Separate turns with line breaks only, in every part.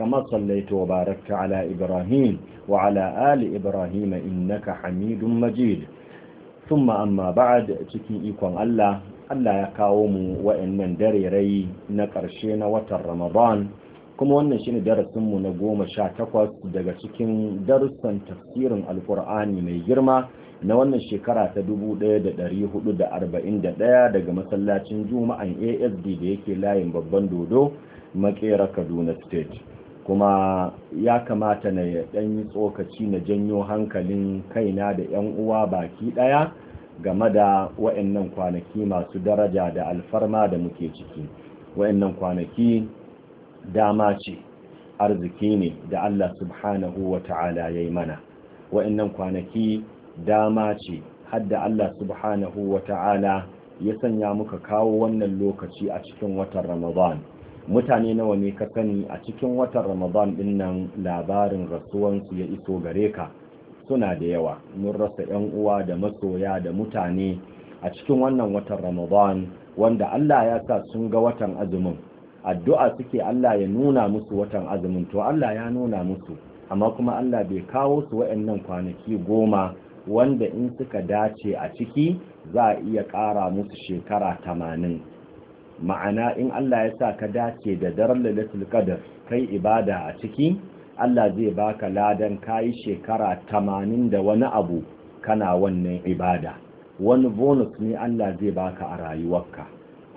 كما صليت وباركت على إبراهيم وعلى آل إبراهيم إنك حميد مجيد ثم أما بعد تكي cikin الله Allah ya kawo mu waɗannan darerai na ƙarshe na watan Ramadan kuma wannan shine darasinmu na goma sha takwas daga cikin darussan tafsirin Alƙur'ani mai girma na wannan shekara ta 1441 daga masallacin Juma'an ASD da yake layin babban dodo makera Kaduna State. kuma ya kamata na ɗan yi tsokaci na janyo hankalin kaina da 'yan uwa baki ɗaya game da wa'annan kwanaki masu daraja da alfarma da muke ciki wa'annan kwanaki dama ce arziki ne da Allah subhanahu wa ta'ala ya yi mana wa'annan kwanaki dama ce hadda Allah subhanahu wa ta'ala ya sanya muka kawo wannan lokaci a cikin watan Ramadan mutane nawa ne ka sani a cikin watan ramadan din nan labarin rasuwansu ya iso gare ka suna da yawa mun rasa yan uwa da masoya da mutane a cikin wannan watan ramadan wanda Allah ya sa sun ga watan azumin addu'a suke Allah ya nuna musu watan azumin to Allah ya nuna musu amma kuma Allah bai kawo su waɗannan kwanaki goma wanda in suka dace a ciki za iya ƙara musu shekara tamanin ma'ana in Allah ya sa ka dace da daren lailatul kai ibada a ciki Allah zai baka ladan kai shekara 80 da wani abu kana wannan ibada wani bonus ne Allah zai baka a rayuwarka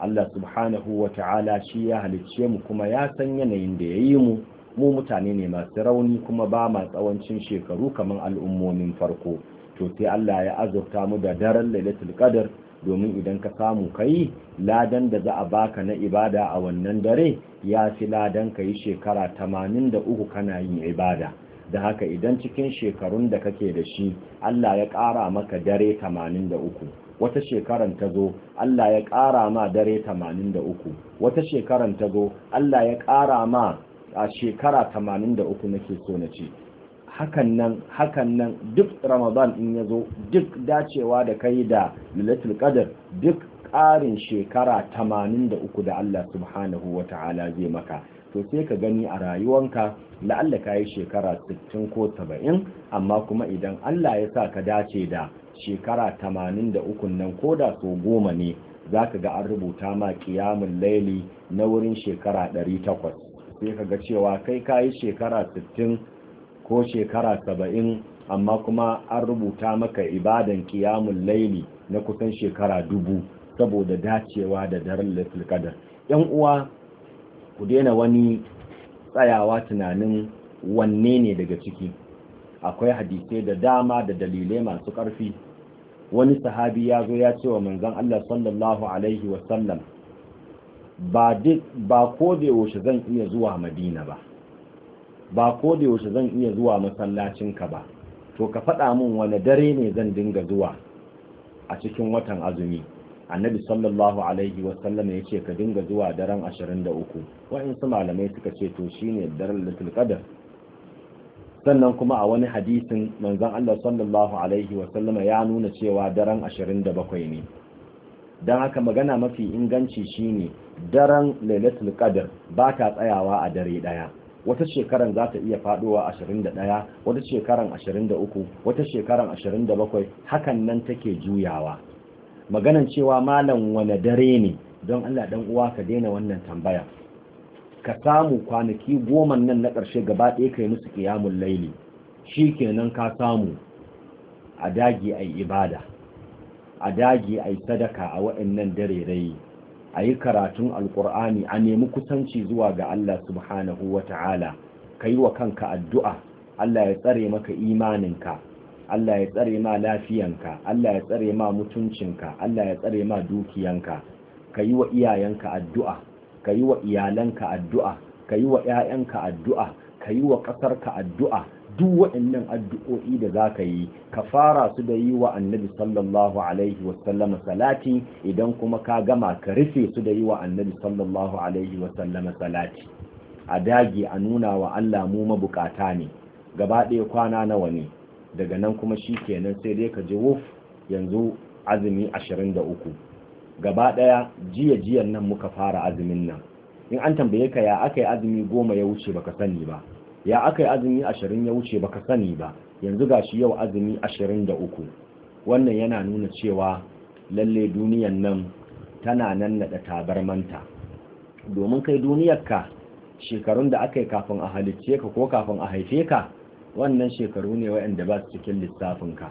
Allah subhanahu wata'ala shi ya halicce mu kuma ya san yanayin da yayi mu mu mutane ne masu rauni kuma ba ma tsawancin shekaru kamar al'ummomin farko to sai Allah ya azurta mu da daren lailatul qadar domin idan ka samu yi ladan da za a baka na ibada a wannan dare ya fi ladan ka yi shekara 83 kana yin ibada da haka idan cikin shekarun da kake da shi Allah ya ƙara maka dare 83 wata shekaran ta zo Allah ya ƙara ma dare 83 wata shekaran ta zo Allah ya ƙara ma a shekara 83 nake so na ce hakan nan hakan nan duk ramadan in ya zo duk dacewa da kai da lilatul qadar duk ƙarin shekara 83 da Allah subhanahu wa ta'ala zai maka to sai ka gani a rayuwanka la'alla ka yi shekara 60 ko 70 amma kuma idan Allah ya sa ka dace da shekara 83 nan ko da so goma ne za ka ga an rubuta ma kiyamun laili na wurin shekara 800 sai ka ga cewa kai ka yi shekara 60 ko shekara saba'in amma kuma an rubuta maka ibadan kiyamun laili na kusan shekara dubu saboda dacewa da daren lafil yan uwa ku daina wani tsayawa tunanin wanne ne daga ciki akwai hadisai da dama da dalilai masu ƙarfi wani sahabi ya zo ya ce wa manzon Allah sallallahu alaihi wasallam ba ko da yaushe zan iya zuwa madina ba ba ko da yaushe zan iya zuwa masallacin ka ba to ka faɗa min wani dare ne zan dinga zuwa a cikin watan azumi annabi sallallahu alaihi sallam ya ce ka dinga zuwa daren 23 wa'insu malamai suka ce to shine daren latul qadar sannan kuma a wani hadisin manzon Allah sallallahu alaihi ya nuna cewa daren 27 ne don haka magana mafi inganci shine daren lailatul kadar ba ta tsayawa a dare ɗaya. wata shekaran za ta iya faduwa 21 wata shekaran 23 wata shekaran 27 hakan nan take juyawa maganan cewa malam wane dare ne don Allah dan uwa ka daina wannan tambaya ka samu kwanaki goma nan na ƙarshe gaba ɗaya kai musu ƙiyamun laili Shi kenan ka samu a dagi ai ibada a dagi ai sadaka a waɗannan dare rai a yi karatun alkur'ani a nemi kusanci zuwa ga Allah subhanahu wa ta'ala ka yi wa kanka addu'a Allah ya tsare maka imaninka Allah ya tsare ma lafiyanka Allah ya tsare ma mutuncinka Allah ya tsare ma dukiyanka ka yi wa iyayenka addu'a ka yi wa iyalanka addu'a ka yi wa ‘ya'yanka addu'a ka yi wa ƙasarka addu'a duk waɗannan addu'o'i da za ka yi ka fara su da yi wa annabi sallallahu alaihi wasallama salati idan kuma ka gama ka rufe su da yi wa annabi sallallahu alaihi wasallama salati a dage a nuna wa Allah mu mabukata ne gaba ɗaya kwana nawa ne daga nan kuma shi kenan sai dai ka je wuf yanzu azumi ashirin da uku gaba ɗaya jiya jiyan nan muka fara azumin nan in an tambaye ka ya aka yi azumi goma ya wuce baka sani ba ya aka yi azumi ashirin ya wuce baka sani ba yanzu ga shi yau azumi ashirin da uku wannan yana nuna cewa lalle duniyan nan tana nan naɗa tabarmanta domin kai duniyar ka, shekarun da aka yi kafin a halicce ka ko kafin a haife ka wannan shekaru ne waɗanda ba su cikin lissafinka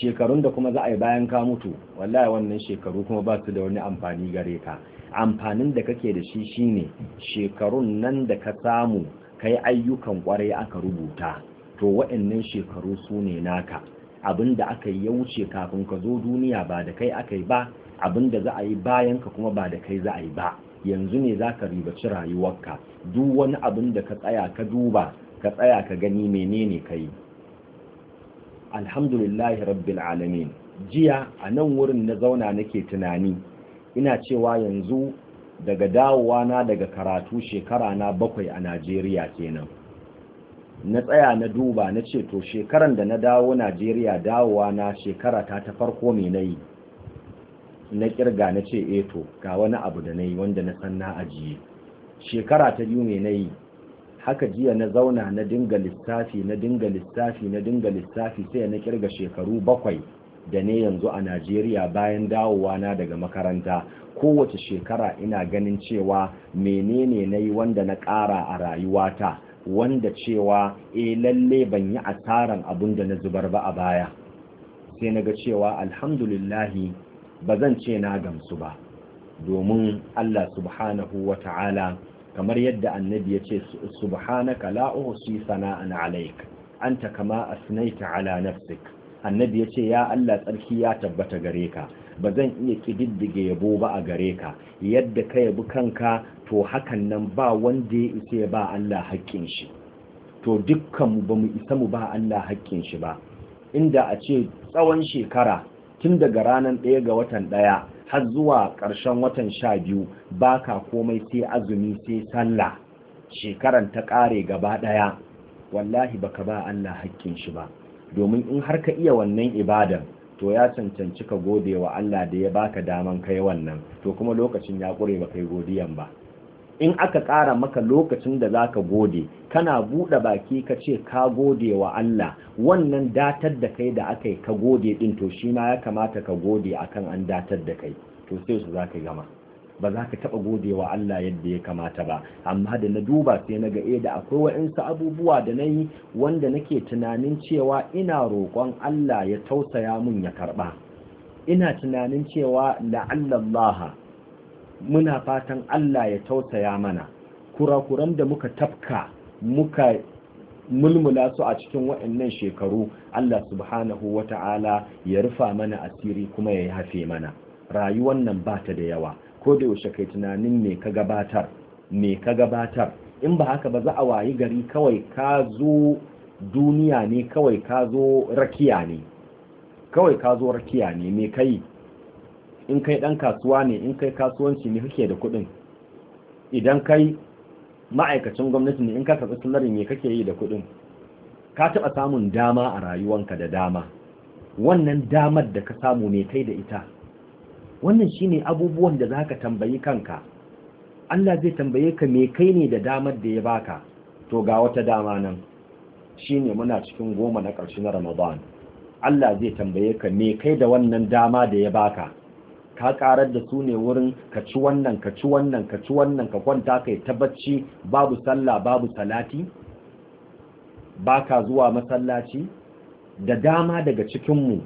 shekarun da kuma za a yi bayan ka mutu wallahi wannan shekaru kuma ba su da wani amfani gare ka amfanin da kake da shi shine shekarun nan da ka samu kai ayyukan kwarai aka rubuta to wa'annan shekaru su ne naka abin da aka yi ya wuce kafin ka zo duniya ba da kai aka yi ba abin da za a yi bayan ka kuma ba da kai za a yi ba yanzu ne za ka ribaci rayuwarka duk wani abin da ka tsaya ka duba ka tsaya ka gani menene ka yi alhamdulillah rabbil alamin jiya a nan wurin na zauna nake tunani ina cewa yanzu daga dawowa na daga karatu shekara na bakwai a Najeriya kenan na tsaya na duba na ce to shekaran da na dawo Najeriya dawowa na shekara ta ta farko me nayi na kirga na ce eh to ga wani abu da na yi wanda na san na ajiye shekara ta biyu me nayi haka jiya na zauna na dinga lissafi na dinga lissafi na dinga lissafi sai na kirga shekaru bakwai da ne yanzu a najeriya bayan dawowa na daga makaranta kowace shekara ina ganin cewa menene na yi wanda na ƙara a rayuwata wanda cewa e lalle ban yi asaran abin da na zubar ba a baya sai na ga cewa alhamdulillahi ba zan ce na gamsu ba domin Allah subhanahu wa ta'ala kamar yadda annabi ya ce subhanaka la uhsi sana'an alaik anta kama asnaita ala nafsik annabi ya ce ya Allah tsarki ya tabbata gare ka ba zan iya kididdige yabo ba a gare ka yadda ka yabi kanka to hakan nan ba wanda ya isa ba Allah haƙƙin shi to dukkanmu ba mu isa mu ba Allah haƙƙin shi ba inda a ce tsawon shekara tun daga ranar ɗaya ga watan ɗaya har zuwa ƙarshen watan sha biyu ba ka komai sai azumi sai sallah shekaran ta ƙare gaba ɗaya wallahi baka ba Allah haƙƙin shi ba domin in har ka iya wannan ibadan to ya cancanci ka gode wa Allah da ya baka daman kai wannan to kuma lokacin ya kure ba kai godiyan ba in aka ƙara maka lokacin da zaka gode kana buɗe baki ka ce ka gode wa Allah wannan datar da kai da aka yi ka gode din to shi ma ya kamata ka gode akan an datar da kai to sai su zaka gama ba za ka taɓa gode wa Allah yadda ya kamata ba amma da na duba sai na ga eh da akwai wa'insu abubuwa da na yi wanda nake tunanin cewa ina roƙon Allah ya tausaya mun ya karɓa ina tunanin cewa la'allallaha muna fatan Allah ya tausaya mana kurakuran da muka tafka muka mulmula su a cikin waɗannan shekaru Allah subhanahu wata'ala ya rufa mana asiri kuma ya yi yafe mana rayuwar nan ba ta da yawa ko da yaushe kai tunanin me ka gabatar me ka gabatar in ba haka ba za a wayi gari kawai ka zo duniya ne kawai ka zo rakiya ne kawai ka zo rakiya ne me kai in kai dan kasuwa ne in kai kasuwanci ne kake da kuɗin idan kai ma'aikacin gwamnati ne in ka karɓi sunarin me kake yi da kuɗin ka taɓa samun dama a rayuwanka da dama wannan damar da ka samu ne kai da ita wannan shine abubuwan da za ka tambayi kanka Allah zai tambaye ka me kai ne da damar da ya baka to ga wata dama nan shine muna cikin goma na ƙarshe na Ramadan Allah zai tambaye ka me kai da wannan dama da ya baka ka karar da su ne wurin ka ci wannan ka ci wannan ka ci wannan ka kwanta kai ta bacci babu sallah babu salati baka zuwa masallaci da dama daga cikinmu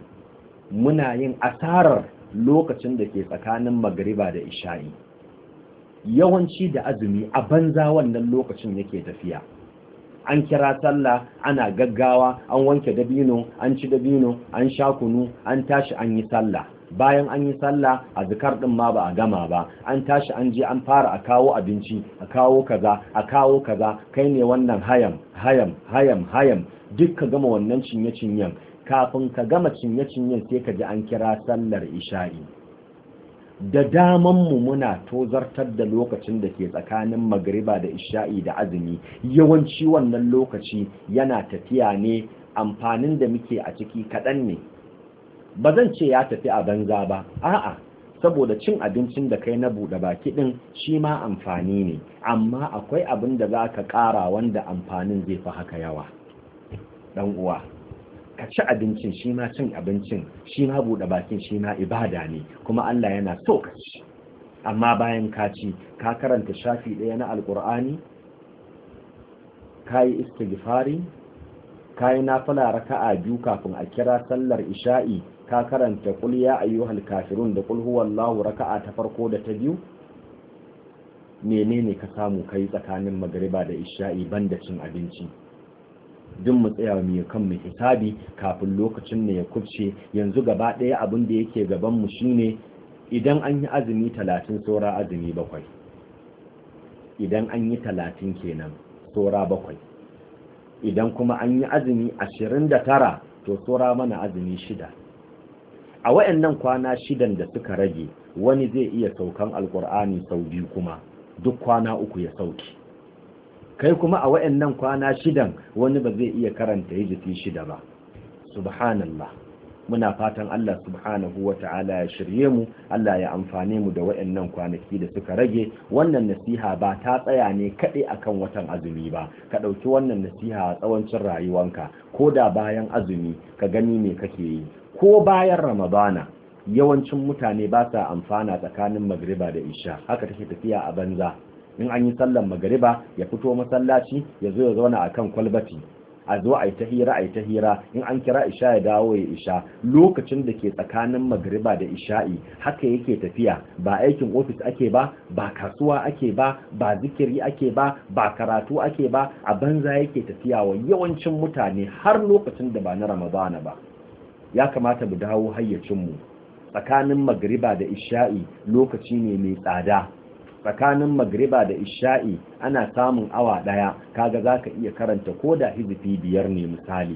muna yin asarar lokacin da ke tsakanin magariba da isha'i yawanci da azumi a banza wannan lokacin yake tafiya an kira sallah ana gaggawa an wanke dabino an ci dabino an sha kunu an tashi an yi sallah bayan an yi sallah a zikar din ma ba a gama ba an tashi an je an fara a kawo abinci a kawo kaza a kawo kaza kai ne wannan hayam hayam hayam hayam duk ka gama wannan cinye cinyen kafin ka gama cinye cinye sai ka ji an kira sallar isha'i da damanmu muna tozartar da lokacin da ke tsakanin magariba da isha'i da azumi yawanci wannan lokaci yana tafiya ne amfanin da muke a ciki kaɗan ne ba zan ce ya tafi a banza ba a'a saboda cin abincin da kai na buɗe baki ɗin shi ma amfani ne amma akwai abin da za ka ƙara wanda amfanin zai fi haka yawa ɗan uwa ka ci abincin shi ma cin abincin shi ma buɗe bakin shi ma ibada ne kuma Allah yana so ka ci amma bayan ka ci ka karanta shafi ɗaya na alƙur'ani ka yi istighfari ka yi nafila raka'a biyu kafin a kira sallar isha'i ka karanta kul ya ayyuhal kafirun da kul huwallahu raka'a ta farko da ta biyu menene ka samu kai tsakanin magariba da isha'i banda cin abinci duk mu tsaya mu kan mu hisabi kafin lokacin ne ya kubce yanzu gaba ɗaya abin da yake gaban mu shine idan an yi azumi talatin saura azumi bakwai idan an yi talatin kenan saura bakwai idan kuma an yi azumi ashirin da tara to saura mana azumi shida a wayannan kwana shidan da suka rage wani zai iya saukan alkur'ani sau biyu kuma duk kwana uku ya sauki kai kuma a wayannan kwana shidan wani ba zai iya karanta hijiti shida ba subhanallah muna fatan Allah subhanahu wa ta'ala ya shirye mu Allah ya amfane mu da wayannan kwanaki da suka rage wannan nasiha ba ta tsaya ne kaɗai akan watan azumi ba ka ɗauki wannan nasiha a tsawancin rayuwanka ko da bayan azumi ka gani me kake yi ko bayan ramadana yawancin mutane ba sa amfana tsakanin magriba da isha haka take tafiya a banza in an yi sallan magariba ya fito masallaci ya zo ya zauna akan kwalbati a zo a yi ta hira a yi ta hira in an kira isha ya dawo ya isha lokacin da ke tsakanin magariba da isha'i haka yake tafiya ba aikin ofis ake ba ba kasuwa ake ba ba zikiri ake ba ba karatu ake ba a banza yake tafiya wa yawancin mutane har lokacin da ba na ramadana ba ya kamata mu dawo hayyacinmu tsakanin magariba da isha'i lokaci ne mai tsada tsakanin magriba da isha'i ana samun awa daya kaga zaka iya karanta ko da hizifi biyar ne misali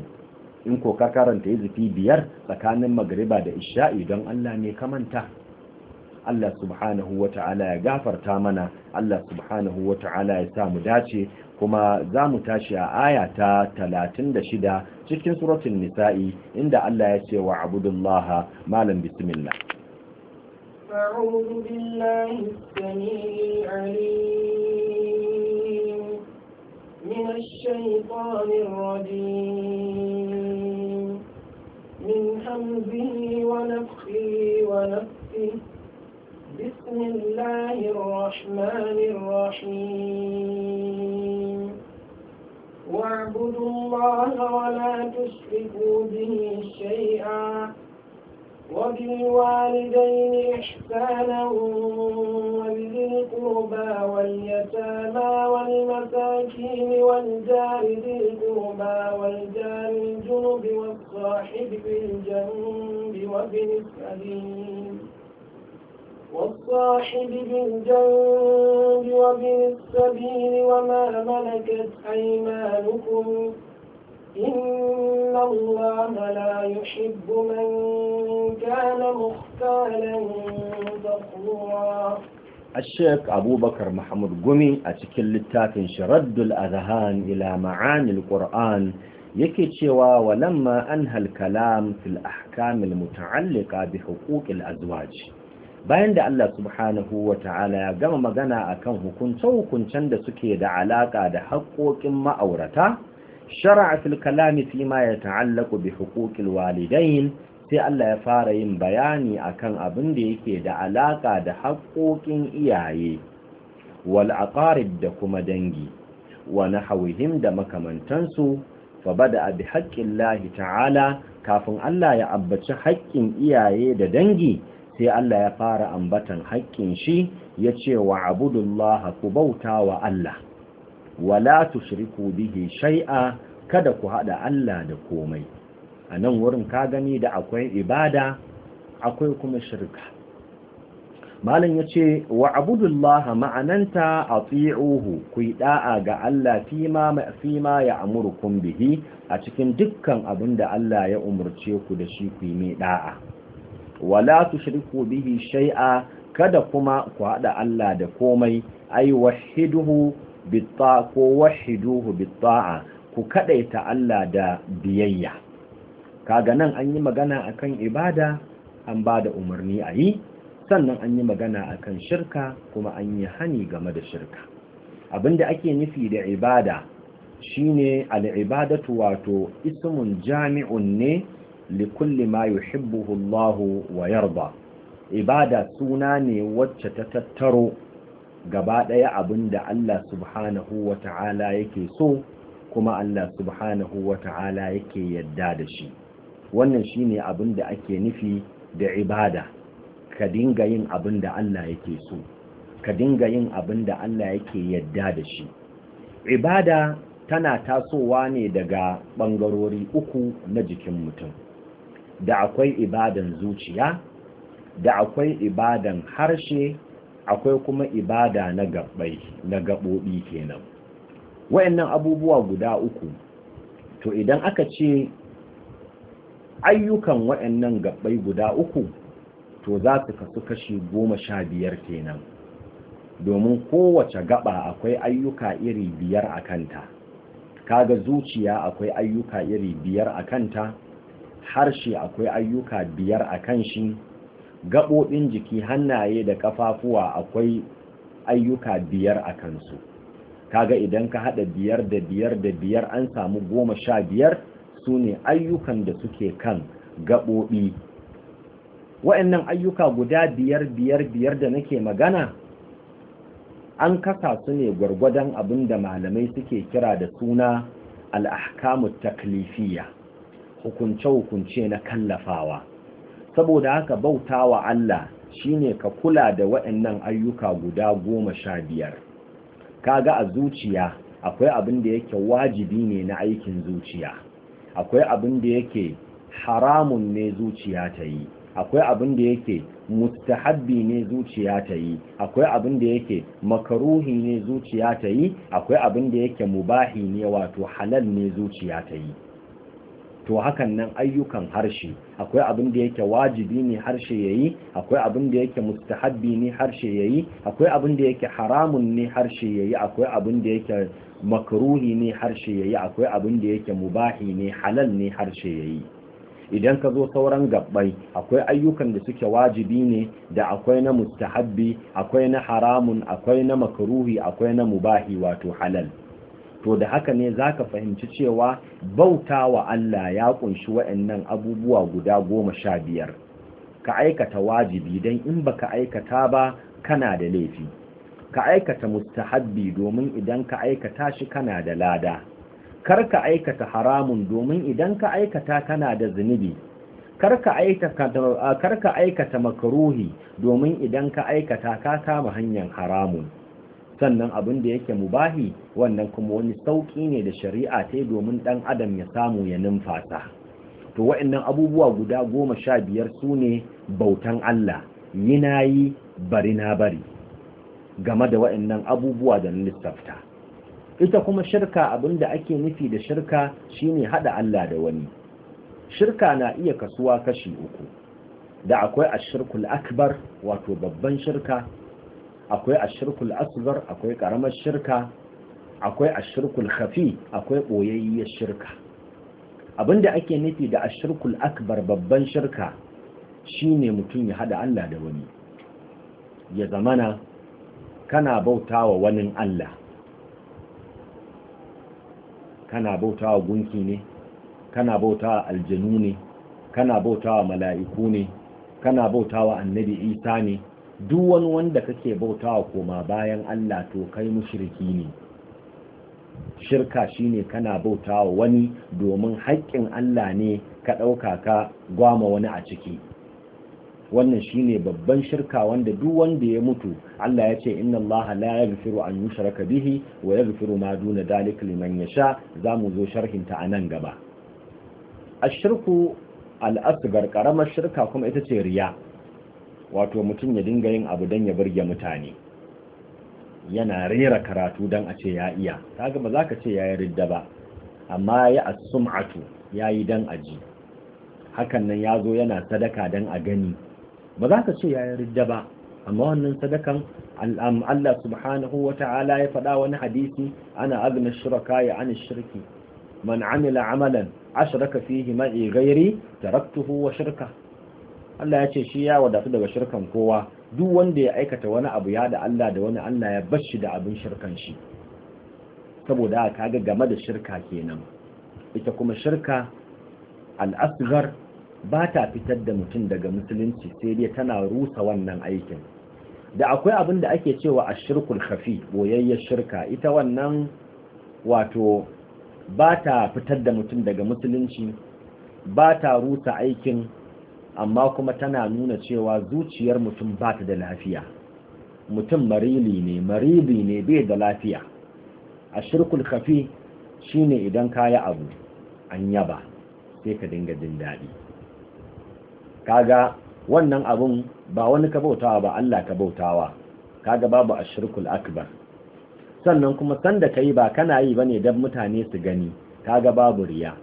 in ko ka karanta hizifi biyar tsakanin magriba da isha'i don Allah ne ka manta Allah subhanahu wa ta'ala ya gafarta mana Allah subhanahu wa ta'ala ya sa mu dace kuma za mu tashi a aya ta shida cikin suratul nisa'i inda Allah ya ce wa abudullaha malam bismillah
أعوذ بالله السميع العليم من الشيطان الرجيم من حمزه ونفخه ونفسه بسم الله الرحمن الرحيم واعبدوا الله ولا تشركوا به شيئا وبالوالدين إحسانا وبذي القربى واليتامى والمساكين والجار ذي القربى والجار الجنب والصاحب الجنب وابن السبيل والصاحب بالجنب وابن السبيل وما ملكت أيمانكم إن الله لا يحب من كان مختالا فخورا
الشيخ أبو بكر محمود قمي أتكل التاتن شرد الأذهان إلى معاني القرآن yake cewa walamma an halkalam fil ahkamil muta'alliqa bi huquqil azwaj bayan da Allah subhanahu wata'ala ya gama magana akan hukuncen hukuncen da suke da alaƙa da haƙoƙin ma'aurata shara'a fil kalami fi ma yata'allaqu bi walidain sai Allah ya fara yin bayani akan abin da yake da alaka da haƙoƙin iyaye wal da kuma dangi wani hauhim da makamantansu fa bada bi lahi ta'ala kafin Allah ya abbaci haƙƙin iyaye da dangi sai Allah ya fara ambatan haƙƙin shi ya ce wa abudullaha ku bauta wa Allah wala tushriku bihi shai'a, kada ku hada Allah da komai a nan wurin ka gani da akwai ibada akwai kuma shirka malam yace wa abudullah ma'ananta ati'uhu ku da'a ga Allah fi ma ya'murukum bihi a cikin dukkan abin da Allah ya umurce ku da shi ku mai da'a wala tushriku bihi shai'a, kada kuma ku hada Allah da komai ay wahiduhu bitta ko wahiduhu bitta'a ku kadaita Allah da biyayya kaga nan an yi magana akan ibada an ba da umarni a yi sannan an yi magana akan shirka kuma an yi hani game da shirka abinda ake nufi da ibada shine al'ibadatu wato ismun jami'un ne likulli ma yuhibbuhu Allah wa yarda ibada suna ne wacce ta tattaro gaba ɗaya abin da Allah subhanahu wa ta'ala yake so kuma Allah subhanahu wa ta'ala yake yadda da shi wannan shine abin da ake nufi da ibada ka dinga yin abin da Allah yake so ka dinga yin abin da Allah yake yadda da shi ibada tana tasowa ne daga ɓangarori uku na jikin mutum da akwai ibadan zuciya da akwai ibadan harshe akwai kuma ibada na gabbai na gabobi kenan wayannan abubuwa guda uku to idan aka ce ayyukan wayannan gabbai guda uku to za su kasu kashi goma sha biyar kenan domin kowace gaba akwai ayyuka iri biyar a kanta kaga zuciya akwai ayyuka iri biyar a kanta harshe akwai ayyuka biyar a kan shi gaɓoɓin jiki hannaye da ƙafafuwa akwai ayyuka biyar a kansu kaga idan ka haɗa biyar da biyar da biyar an samu goma sha biyar su ne ayyukan da suke kan gaɓoɓi wa'annan ayyuka guda biyar biyar biyar da nake magana an kasa su ne gwargwadon abin da malamai suke kira da suna al'ahkamu taklifiya? hukunce-hukunce na kallafawa saboda haka bautawa Allah shine ka kula da waɗannan ayyuka guda goma sha biyar Ka ga a zuciya akwai abin da yake wajibi ne na aikin zuciya akwai abin da yake haramun ne zuciya ta yi akwai abin da yake mustahabbi ne zuciya ta yi akwai abin da yake makaruhi ne zuciya ta yi akwai abin da yake mubahi ne wato halal ne zuciya ta yi to hakan nan ayyukan harshe akwai abin da yake wajibi ne harshe yayi akwai abin da yake mustahabbi ne harshe yayi akwai abin da yake haramun ne harshe yayi akwai abin da yake makruhi ne harshe yayi akwai abin da yake mubahi ne halal ne harshe yayi idan ka zo sauran gabbai akwai ayyukan da suke wajibi ne da akwai na mustahabbi akwai na haramun akwai na makruhi akwai na mubahi wato halal to da haka ne za ka fahimci cewa bauta wa Allah ya kunshi waɗannan abubuwa guda goma sha biyar ka aikata wajibi don in baka aikata ba kana da laifi ka aikata mustahabbi domin idan ka aikata shi kana da lada kar ka aikata haramun domin idan ka aikata kana da zunubi kar ka aikata makaruhi domin idan ka aikata ka kama hanyar haramun sannan abin da yake mubahi wannan kuma wani sauƙi ne da shari'a ta yi domin ɗan adam ya samu ya numfasa to wa'annan abubuwa guda goma sha biyar su ne bautan Allah yi na yi bari na bari game da wa'annan abubuwa da na lissafta ita kuma shirka abin da ake nufi da shirka shine haɗa Allah da wani shirka na iya kasuwa kashi uku da akwai ashirkul akbar wato babban shirka akwai ashirkul asgar akwai karamar shirka akwai ashirkul khafi akwai boyayyar shirka abinda ake nufi da ashirkul akbar babban shirka shine mutum ya hada Allah da wani ya zamana kana bautawa wani Allah kana bautawa gunki ne kana bautawa aljanu ne kana bautawa mala'iku ne kana bautawa annabi Isa ne duk wani wanda kake bautawa koma bayan Allah to kai mushriki ne shirka shine kana bautawa wani domin haƙƙin Allah ne ka ɗauka ka gwama wani a ciki wannan shine babban shirka wanda duk wanda ya mutu Allah ya ce inna Allah la yaghfiru an yushraka bihi wa yaghfiru ma duna ya liman yasha zamu zo sharhin ta anan gaba ashirku al-asghar karamar shirka kuma ita ce riya wato mutum ya dinga yin abu don ya burge mutane yana rera karatu don a ce ya iya kaga ba za ka ce ya yi ridda ba amma ya asum'atu ya yi don aji hakan nan ya zo yana sadaka don a gani ba za ka ce ya yi ridda ba amma wannan sadakan Allah subhanahu wa ta'ala ya faɗa wani hadisi ana azumin shuraka ya ani shirki man amila amalan ashraka fihi ma'i ghairi taraktuhu wa shirka Allah ya ce shi ya wadatu daga shirkan kowa duk wanda ya aikata wani abu ya da Allah da wani Allah ya bashi da abin shirkan shi saboda haka ga game da shirka kenan ita kuma shirka al-asghar ba ta fitar da mutum daga musulunci sai dai tana rusa wannan aikin da akwai abin da ake cewa a shirkul kafi boyayyar shirka ita wannan wato ba ta fitar da mutum daga musulunci ba ta rusa aikin amma kuma tana nuna cewa zuciyar mutum ba ta da lafiya mutum marili ne marili ne bai da lafiya a shirkul kafi shine idan yi abu an yaba sai ka dinga jin daɗi kaga wannan abun ba wani ka bautawa ba Allah ka bautawa kaga babu shirkul akbar sannan kuma sanda ka yi ba kana yi ba ne dan mutane su gani kaga babu riya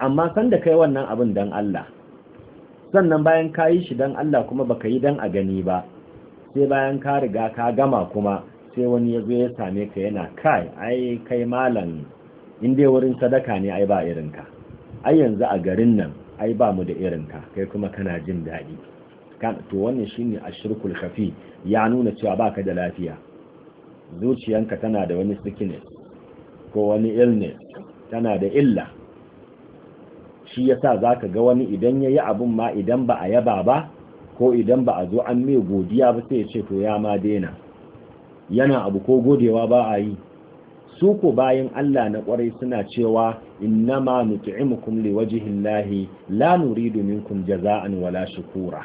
amma sanda kai wannan abun dan Allah sannan bayan ka yi shi don Allah kuma baka yi don a gani ba sai bayan ka riga ka gama kuma sai wani ya zo ya same ka yana kai ai kai malam in dai wurin sadaka ne ai ba irinka ai yanzu a garin nan ai ba mu da irinka kai kuma kana jin daɗi to wannan a shirkul kafi ya nuna cewa ba ka da lafiya zuciyanka tana da wani sickness ko wani illness tana da illa shi yasa za ka ga wani idan ya yi abin ma idan ba a yaba ba ko idan ba a zo an mai godiya ba sai ya ce to ya ma daina yana abu ko godewa ba a yi su ko bayan Allah na kwarai suna cewa Inna ma innama nut'imukum llahi la nuridu minkum jaza'an wala shukura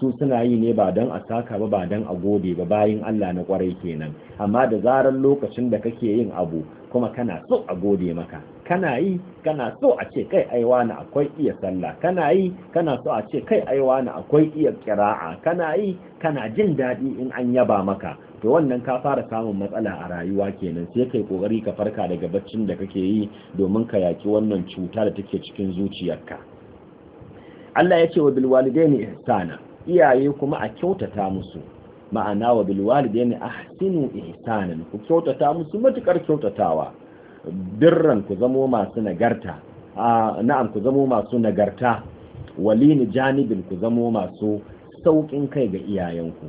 su suna yi ne ba dan a saka ba ba dan a gode ba bayan Allah na kwarai kenan amma da zarar lokacin da kake yin abu kuma kana so a gode maka kana yi kana so a ce kai aiwa na akwai iya sallah kana yi kana so a ce kai aiwa na akwai iya kira'a kana yi kana jin daɗi in an yaba maka to wannan ka fara samun matsala a rayuwa kenan sai kai kokari ka farka daga baccin da kake yi domin ka yaki wannan cuta da take cikin zuciyarka Allah ya ce wa bil walidaini ihsana iyaye kuma a kyautata musu ma'ana wa bil walidaini ahsinu ihsanan ku kyautata musu matukar kyautatawa birran ku zamo masu nagarta na'am ku zamo masu nagarta walini janibin ku zamo masu sauƙin kai ga iyayenku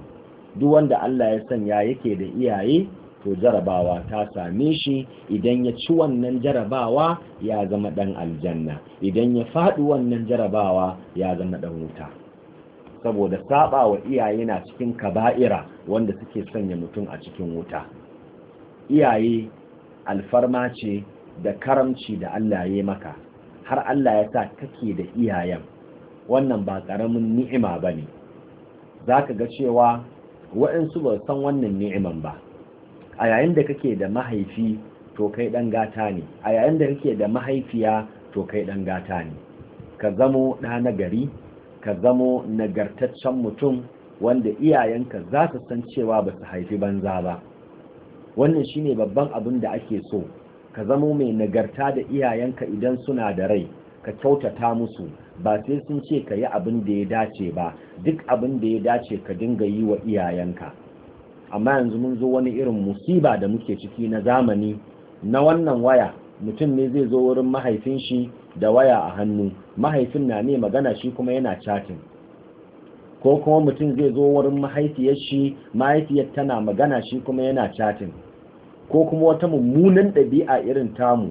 duk wanda Allah ya sanya yake da iyaye to jarabawa ta same shi idan ya ci wannan jarabawa ya zama ɗan aljanna idan ya faɗi wannan jarabawa ya zama ɗan wuta saboda saba wa iyaye na cikin kaba'ira wanda suke sanya mutum a cikin wuta iyaye alfarma ce da karamci da Allah ya maka har Allah ya sa kake da iyayen wannan ba ƙaramin ni'ima ba ne za ka ga cewa waɗansu ba san wannan ni'iman ba a yayin da kake da mahaifi to kai ɗan gata ne a yayin da kake da mahaifiya to kai ɗan gata ne ka zamo ɗa na gari ka zamo nagartaccen mutum wanda iyayenka za su san cewa ba su haifi banza ba wannan shine babban abin da ake so ka zamo mai nagarta da iyayenka idan suna da rai ka kyautata musu ba sai sun ce ka yi abin da ya dace ba duk abin da ya dace ka dinga yi wa iyayenka amma yanzu mun zo wani irin musiba da muke ciki na zamani na wannan waya mutum ne zai zo wurin mahaifin shi da waya a hannu mahaifin na ne magana shi kuma yana chatting ko kuma mutum zai zo wurin mahaifiyar shi mahaifiyar tana magana shi kuma yana chatting ko kuma wata mummunan ɗabi'a irin tamu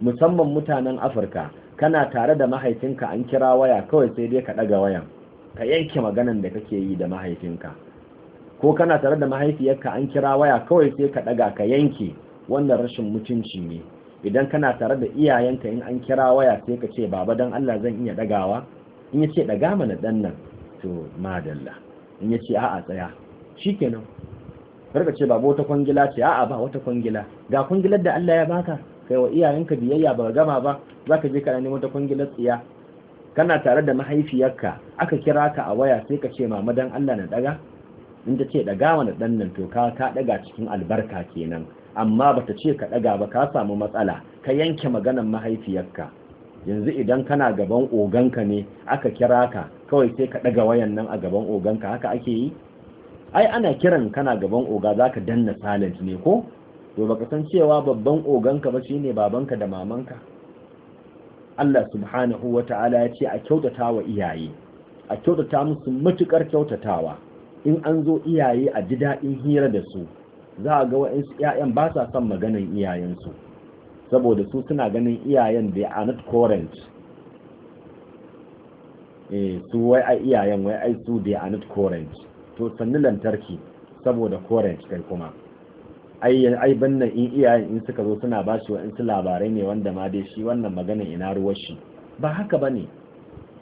musamman mutanen afirka kana tare da mahaifinka an kira waya kawai sai dai ka ɗaga wayan ka yanke maganan da kake yi da mahaifinka ko kana tare da mahaifiyarka an kira waya kawai sai ka ɗaga ka yanke wannan rashin mutunci ne idan kana tare da iyayenka in an kira waya sai ka ce baba don allah zan iya ɗagawa in ya ce ɗaga mana ɗan nan wato madalla in ya ce a'a tsaya shi shikenan farka ce ba wata kwangila ce a'a ba wata kwangila ga kwangilar da Allah ya baka kai wa iyayenka biyayya ba gama ba zaka je ka nemi wata kwangilar tsiya kana tare da mahaifiyarka aka kira ka a waya sai ka ce mama dan Allah na daga in ta ce daga mana dan nan to ka ka daga cikin albarka kenan amma bata ce ka daga ba ka samu matsala ka yanke maganar mahaifiyarka yanzu idan kana gaban oganka ne aka kira ka kawai sai ka ɗaga wayan nan a gaban oganka haka ake yi ai ana kiran kana gaban oga za ka danna silent ne ko to baka san cewa babban oganka ba shine babanka da mamanka Allah subhanahu wa ta'ala ya ce a kyautata wa iyaye a kyautata musu matukar kyautatawa in an zo iyaye a ji daɗin hira da su za a ga wa'insu 'ya'yan ba sa son maganan iyayensu saboda su suna ganin iyayen da are not current eh su wai ai iyayen wai ai su da are not current to sannu lantarki saboda current kai kuma ai ai banna in iyayen in suka zo suna ba shi wa'ansu labarai ne wanda ma dai shi wannan magana ina ruwar shi ba haka ba ne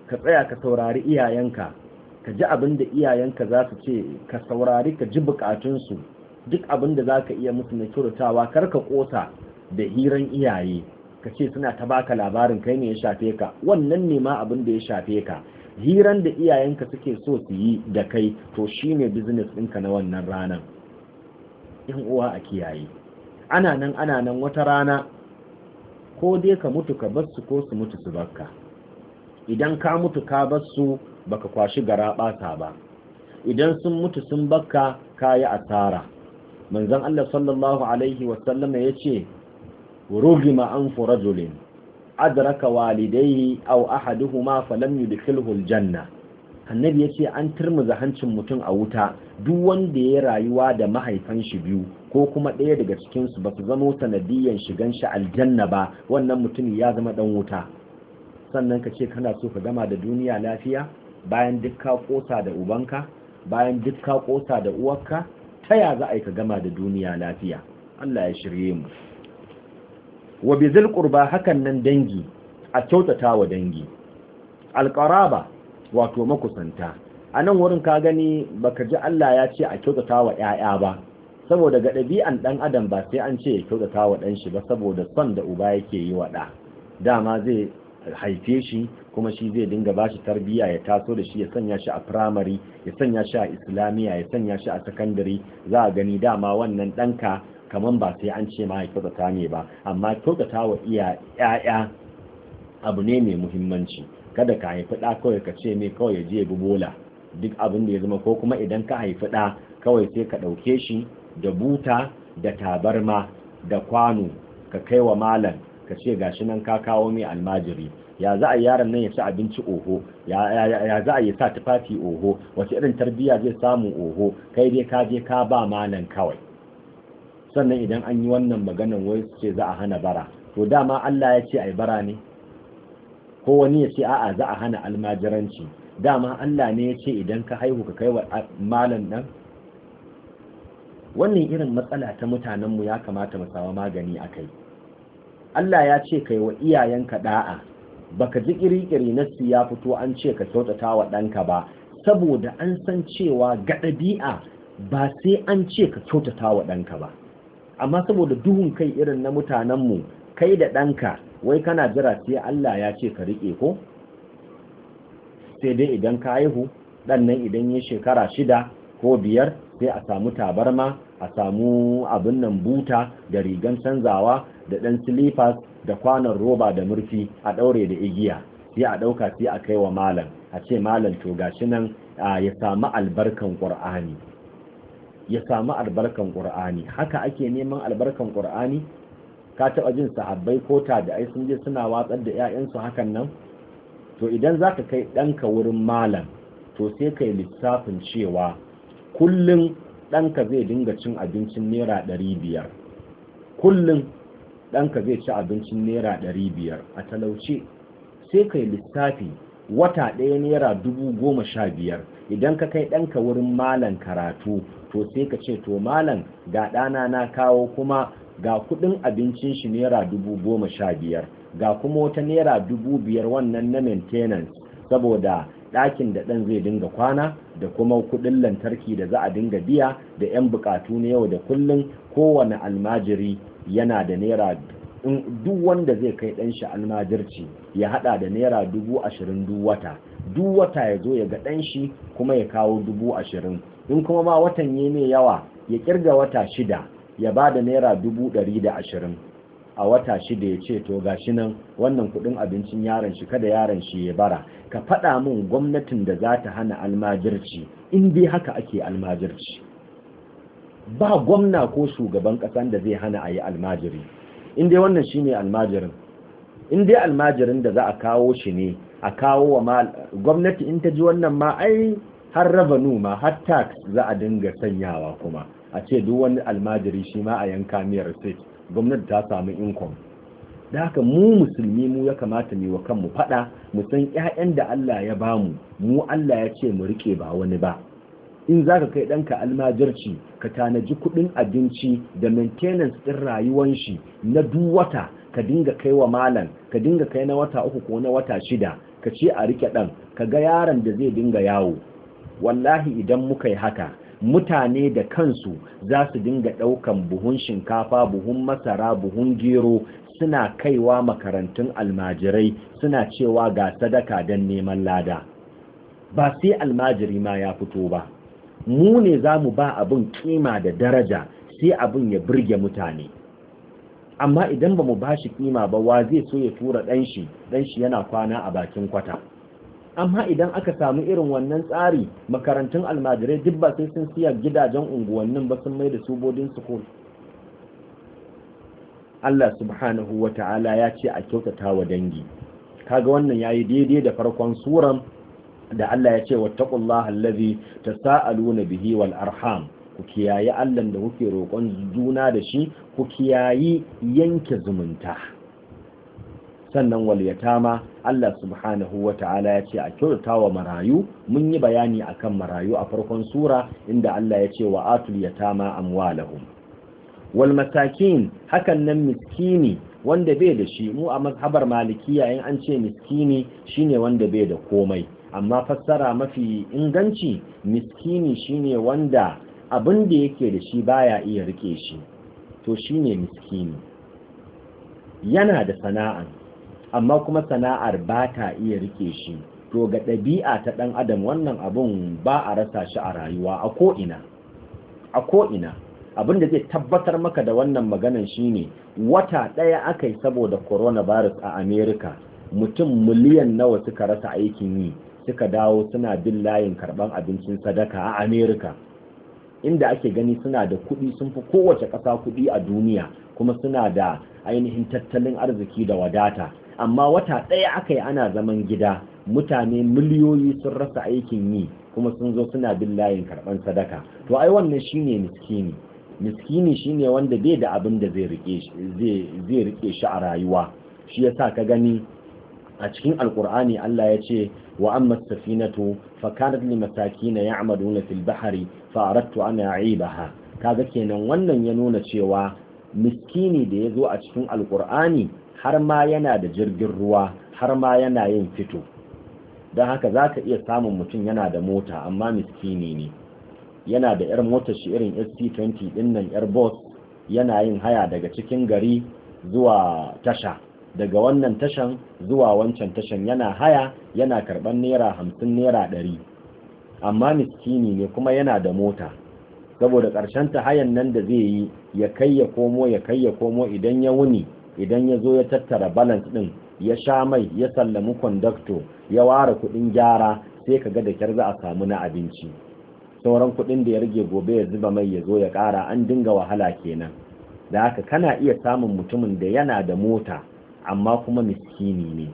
ka tsaya ka saurari iyayenka ka ji abin da iyayenka za su ce ka saurari ka ji bukatunsu duk abin da za ka iya musu na kyautatawa kar ka ƙosa da hiran iyaye ka ce suna ta baka labarin kai ne ya shafe ka wannan ne ma abin da ya shafe ka hiran da iyayenka suke so su yi da kai to shi ne business ɗinka na wannan ranar yan uwa a kiyaye ana nan ana nan wata rana ko dai ka mutu ka bar su ko su mutu su barka idan ka mutu ka bar su baka kwashi gara ɓata ba idan sun mutu sun bakka kayi asara manzon Allah sallallahu alaihi wasallama ya ce رغم أنف walidai أدرك والديه أو أحدهما فلم يدخله janna. annabi ya ce an turmuza hancin mutum a wuta duk wanda ya rayuwa da mahaifan shi biyu ko kuma ɗaya daga cikinsu ba su zama sanadiyan shigan shi aljanna ba wannan mutum ya zama ɗan wuta sannan ka ce kana so ka gama da duniya lafiya bayan duk ka ƙosa da ubanka bayan duk ka ƙosa da uwarka ta ya za a yi ka gama da duniya lafiya Allah ya shirye mu wa bizil qurba hakan nan dangi a kyautata wa dangi alqaraba wato makusanta anan wurin ka gani baka ji Allah ya ce a kyautata wa 'ya'ya ba saboda ga ɗabi'an ɗan adam ba sai an ce ya kyautata wa ɗan shi ba saboda son da uba yake yi wa da dama zai haife shi kuma shi zai dinga ba shi tarbiyya ya taso da shi ya sanya shi a firamare ya sanya shi a islamiyya ya sanya shi a sakandare za a gani dama wannan ɗanka kamar ba sai an ce ma ya ne ba amma kyautata wa iya ƴaƴa abu ne mai muhimmanci kada ka haifi ɗa kawai ka ce mai kawai ya je bi bola duk abin da ya zama ko kuma idan ka haifi ɗa kawai sai ka ɗauke shi da buta da tabarma da kwano ka kai wa malam ka ce gashi nan ka kawo mai almajiri ya za a yaron nan ya ci abinci oho ya za a yi sa tufafi oho wace irin tarbiyya zai samu oho kai dai ka je ka ba malam kawai sannan idan an yi wannan maganan wai su ce za a hana bara to dama Allah ya ce ai bara ne ko wani ya ce a'a za a hana almajiranci dama Allah ne ya ce idan ka haihu ka kai wa malam nan wannan irin matsala ta mutanenmu ya kamata mu samu magani a kai Allah ya ce kai wa iyayenka da'a baka ji kirikiri na su ya fito an ce ka kyautata wa ɗanka ba saboda an san cewa ga ɗabi'a ba sai an ce ka kyautata wa ɗanka ba amma saboda duhun kai irin na mutanenmu kai da ɗanka wai kana jira sai Allah ya ce ka riƙe ko sai dai idan ka haihu ɗan nan idan ya shekara shida ko biyar sai a samu tabarma a samu abin nan buta da rigan canzawa da ɗan silifas da kwanon roba da murfi a ɗaure da igiya sai a ɗauka sai a kai wa malam a ce malam to gashi nan ya samu albarkan ƙur'ani ya samu albarkan qur'ani haka ake neman albarkan qur'ani ka taba jin sahabbai ko ta da sun je suna watsar da 'ya'yansu hakan nan to idan zaka kai ɗanka wurin malam to sai kai lissafin cewa kullum ɗanka zai dinga cin abincin naira ɗari biyar kullum ɗanka zai ci abincin naira ɗari biyar a talauce sai kai lissafi wata ɗaya naira dubu goma sha biyar idan ka kai ɗanka wurin malam karatu to sai ka ce to malam ga ɗana na kawo kuma ga kuɗin abincin shi naira dubu goma sha biyar ga kuma wata naira dubu biyar wannan na maintenance saboda ɗakin da ɗan zai dinga kwana da kuma kuɗin lantarki da za a dinga biya da 'yan buƙatu na yau da kullum kowane almajiri yana da naira duk wanda zai kai ɗan shi almajirci ya haɗa da naira dubu ashirin duk wata duk wata ya zo ya ga ɗan shi kuma ya kawo dubu ashirin in kuma ma watan ya mai yawa ya kirga wata shida ya ba da naira dubu ɗari da ashirin a wata shida ya ce to gashi nan wannan kuɗin abincin yaron shi kada yaron shi ya bara ka faɗa min gwamnatin da za ta hana almajirci in dai haka ake almajirci ba gwamna ko shugaban ƙasan da zai hana a yi almajiri in dai wannan shi ne almajirin in dai almajirin da za a kawo shi ne a kawo wa gwamnati in ta ji wannan ma ai har raba ma har tax za a dinga sanyawa kuma a ce duk wani almajiri shi ma a yanka miyar state gwamnati ta samu income da haka mu musulmi mu ya kamata ne wa kanmu fada mu san ƴaƴan da Allah ya bamu mu Allah ya ce mu rike ba wani ba in zaka kai ɗanka almajirci ka tanaji kuɗin abinci da maintenance ɗin rayuwar shi na duk wata ka dinga kai wa malam ka dinga kai na wata uku ko na wata shida ka ce a rike ɗan ka ga yaron da zai dinga yawo wallahi idan muka yi haka mutane da kansu za su dinga ɗaukan buhun shinkafa buhun masara buhun gero suna kaiwa makarantun almajirai suna cewa ga sadaka don neman lada ba sai almajiri ma ya fito ba mu ne za mu ba abin kima da daraja sai abin ya burge mutane amma idan ba mu ba shi kima ba wa zai so ya tura ɗanshi ɗanshi yana kwana a bakin kwata amma idan aka samu irin wannan tsari makarantun almajirai duk ba sai sun siya gidajen unguwannin ba sun mai da su bodin school Allah subhanahu wa ta'ala ya ce a kyautata wa dangi kaga wannan yayi daidai da farkon suran da Allah ya ce wattaqullaha allazi tasaaluna bihi wal arham ku kiyayi Allah da kuke roƙon juna da shi ku kiyayi yanke zumunta sannan wal Allah subhanahu wa ta'ala ya ce a kyauta wa marayu mun yi bayani akan marayu a farkon sura inda Allah ya ce wa atul yatama amwalahum wal matakin hakan nan miskini wanda bai da shi mu a mazhabar malikiya in an ce miskini shine wanda bai da komai amma fassara mafi inganci miskini shine wanda abin da yake da shi baya iya rike shi to shine miskini yana da sana'a amma kuma sana'ar ba ta iya rike shi to ga ɗabi'a ta ɗan adam wannan abun ba a rasa shi a rayuwa a ko'ina a ko'ina da zai tabbatar maka da wannan maganan shine wata ɗaya aka yi saboda coronavirus a Amerika, mutum miliyan nawa suka rasa aikin yi suka dawo suna bin layin karɓar abincin sadaka a Amerika. inda ake gani suna da kuɗi sun fi kowace ƙasa kuɗi a duniya kuma suna da ainihin tattalin arziki da wadata amma wata ɗaya aka yi ana zaman gida mutane miliyoyi sun rasa aikin yi kuma sun zo suna bin layin karɓar sadaka to ai wannan shine miskini miskini shine wanda bai da abin da zai rike shi a rayuwa shi yasa ka gani a cikin alkur'ani Allah ya ce wa amma safinatu fa kanat li na ya'maluna fil bahri fa aradtu an a'ibaha kaga kenan wannan ya nuna cewa miskini da ya zo a cikin alkur'ani har ma yana da jirgin ruwa har ma yana yin fito don haka za ka iya samun mutum yana da mota amma miskini ne yana da 'yar mota shi irin st20 din nan 'yar bus yana yin haya daga cikin gari zuwa tasha daga wannan tashan zuwa wancan tashan yana haya yana karban naira hamsin naira ɗari amma miskini ne kuma yana da mota saboda ƙarshen ta hayan nan da zai yi ya kai ya komo ya kai ya komo idan ya wuni idan ya zo ya tattara balance ɗin, ya sha mai ya sallami kwandakto ya ware kuɗin gyara sai ka ga da kyar za a samu na abinci sauran kuɗin da ya rage gobe ya zuba mai ya zo ya ƙara an dinga wahala kenan da haka kana iya samun mutumin da yana da mota amma kuma miskini ne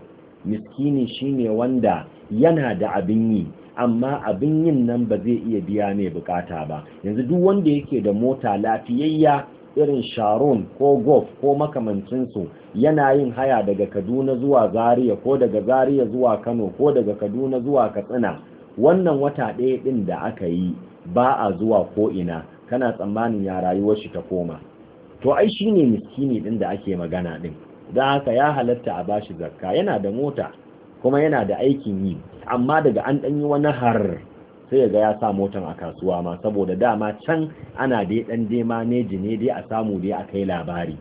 miskini shine wanda yana da abin yi amma abin yin nan ba zai iya biya mai bukata ba yanzu duk wanda yake da mota lafiyayya irin sharon ko gof ko makamancinsu yana yin haya daga kaduna zuwa zaria ko daga zaria zuwa kano ko daga kaduna zuwa katsina wannan wata ɗaya ɗin da aka yi ba a zuwa ko ina kana tsammanin ya rayuwar shi ta koma to ai shi ne miskini ɗin da ake magana ɗin don haka ya halatta a bashi zakka yana da mota kuma yana da aikin yi amma daga an ɗanyi wani har sai ga ya sa motan a kasuwa ma saboda dama can ana dai dan dema ma ne dai a samu dai a kai labari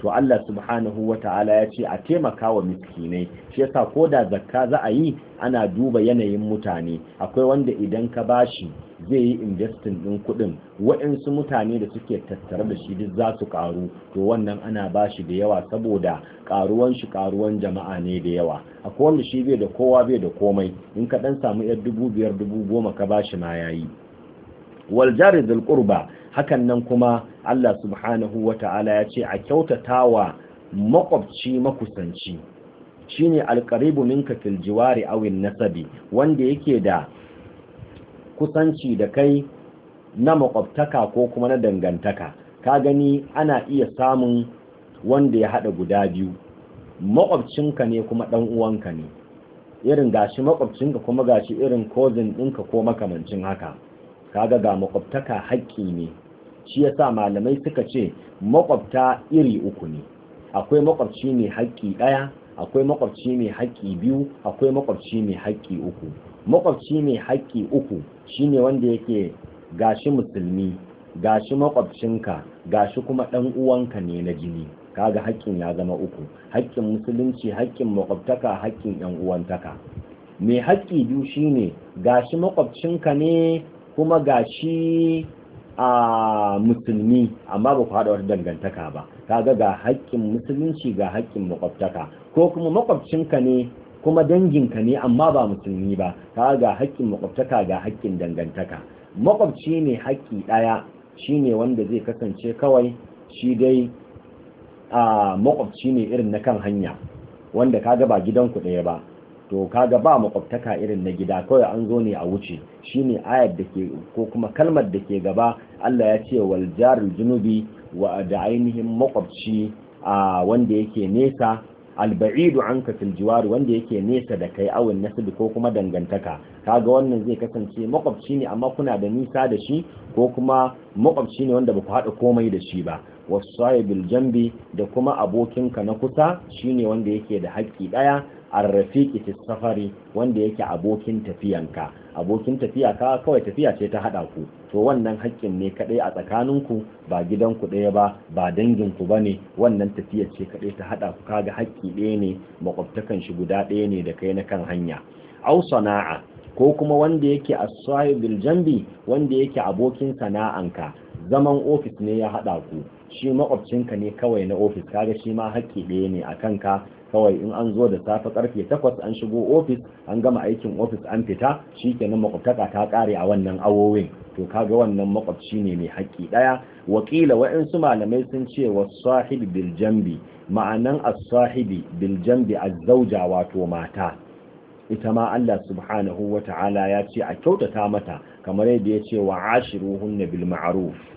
to Allah subhanahu wata'ala ya ce a taimaka wa miskinai shi yasa ko da zakka za a yi ana duba yanayin mutane akwai wanda idan ka bashi zai yi investing din kuɗin waɗansu mutane da suke tattare da shi duk za su ƙaru to wannan ana ba shi da yawa saboda ƙaruwan shi karuwan jama'a ne da yawa a kowanne shi bai da kowa bai da komai in ka dan samu yar dubu biyar dubu goma ka ba shi ma ya yi wal jari qurba hakan nan kuma Allah subhanahu wa ta'ala ya ce a kyautatawa makwabci makusanci shine alqaribu minka fil jiwari aw nasabi wanda yake da kusanci da kai na makwabtaka ko kuma na dangantaka ka gani ana iya samun wanda ya haɗa guda biyu makwabcinka ne kuma ɗan uwanka ne irin gashi makwabcinka kuma gashi irin kozin ɗinka ko makamancin haka kaga ga makwabtaka haƙƙi ne shi yasa malamai suka ce makwabta iri uku ne akwai makwabci mai haƙƙi ɗaya akwai makwabci mai haƙƙi biyu akwai makwabci mai haƙƙi uku makwabci mai haƙƙi uku Shi ne wanda yake gashi musulmi gashi makwabcinka gashi kuma ɗan uwanka ne na jini kaga hakkin ya zama uku haƙƙin musulunci haƙƙin makwabtaka haƙƙin ƴan uwantaka mai haƙƙi biyu shi shine gashi makwabcinka ne kuma gashi a musulmi amma ba ku haɗa wata dangantaka ba kaga ga haƙƙin musulunci ga haƙƙin makwabtaka ko kuma makwabcinka ne kuma dangin ka ne amma ba musulmi ba ka ga haƙƙin makwabtaka ga haƙƙin dangantaka makwabci ne haƙƙi ɗaya shine wanda zai kasance kawai shi dai a makwabci ne irin na kan hanya wanda kaga ba gidanku ɗaya ba to kaga ba makwabtaka irin na gida kawai an zo ne a wuce shine ayar da ke ko kuma kalmar da ke gaba Allah ya ce wal jarul junubi wa da ainihin makwabci a wanda yake nesa alba'idu anka fil jiwar wanda yake nesa da kai awin nasib ko kuma dangantaka kaga wannan zai kasance makwabci ne amma kuna da nisa da shi ko kuma makwabci ne wanda ba ku haɗa komai da shi ba wasaibul jambi da kuma abokinka na kusa shine wanda yake da haƙƙi ɗaya. arrafiki fi safari wanda yake abokin tafiyanka abokin tafiya ka kawai tafiya ce ta hada ku to wannan hakkin ne kadai a tsakaninku ba gidanku ɗaya ba ba danginku ba ne wannan tafiya ce kadai ta hada ku kaga hakki ɗaya ne makwabtakan shi guda ɗaya ne da kai na kan hanya au sana'a ko kuma wanda yake as-sahibul jambi wanda yake abokin sana'anka zaman ofis ne ya hada ku shi makwabcinka ne kawai na ofis kaga shi ma haƙƙi ɗaya ne a kanka kawai in an zo da safe karfe takwas an shigo ofis an gama aikin ofis an fita shi ke kenan makwabtaka ta ƙare a wannan awowin to kaga wannan makwabci ne mai haƙƙi ɗaya wakila wa'insu malamai sun ce wa sahib bil jambi ma'anan as-sahibi bil jambi az wato mata ita ma Allah subhanahu wa ta'ala ya ce a kyautata mata kamar yadda ya ce wa ashiruhunna bil ma'ruf